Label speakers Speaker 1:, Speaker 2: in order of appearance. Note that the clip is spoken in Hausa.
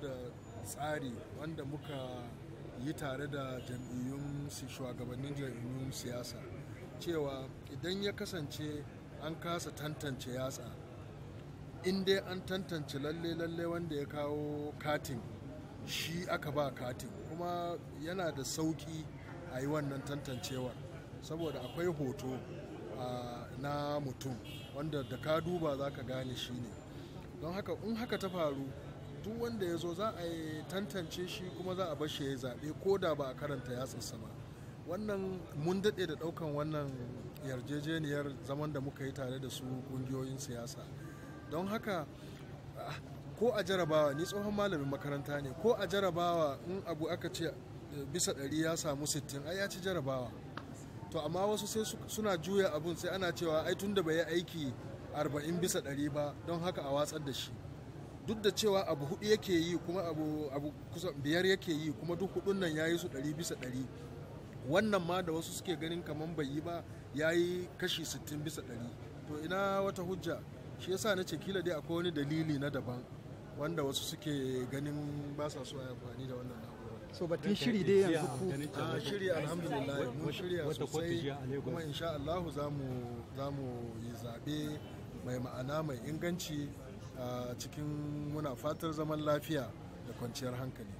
Speaker 1: da tsari wanda muka yi tare da jam'iyyun shugabannin jam'iyyun siyasa cewa idan ya kasance an kasa tantance yatsa in dai an tantance lalle-lalle wanda ya kawo katin shi aka ba katin kuma yana da sauki a yi wannan tantancewar saboda akwai hoto na mutum wanda da ka duba za ka gane shi ne don haka in haka ta faru duk wanda ya zo za a yi tantance shi kuma za a bar shi ya zaɓe ko da ba a karanta yatsinsa ba wannan mun daɗe da ɗaukan wannan yarjejeniyar zaman da muka yi tare da su ƙungiyoyin siyasa don haka ko a jarabawa ni tsohon malamin makaranta ne ko a jarabawa in abu aka ce eh, bisa ɗari ya samu sittin ai ya ci jarabawa to amma wasu sai suna juya abun sai ana cewa ai tun da bai yi aiki arba'in bisa ɗari ba don haka a watsar da shi duk da cewa abu hudu yake yi kuma abu, abu kusa biyar yake yi kuma duk hudun nan ya yi su ɗari bisa ɗari wannan ma da wasu suke ganin kamar bai yi ba ya yi kashi sittin bisa ɗari to ina wata hujja shi yasa na ce kila dai akwai wani dalili na daban wanda wasu suke ganin ba sa so a amfani da wannan na'urar. so batun shiri dai yanzu ku a ah, shiri alhamdulillah mun shirya sosai kuma insha Allah za mu yi zabe mai ma'ana mai inganci A cikin muna fatar zaman lafiya da kwanciyar hankali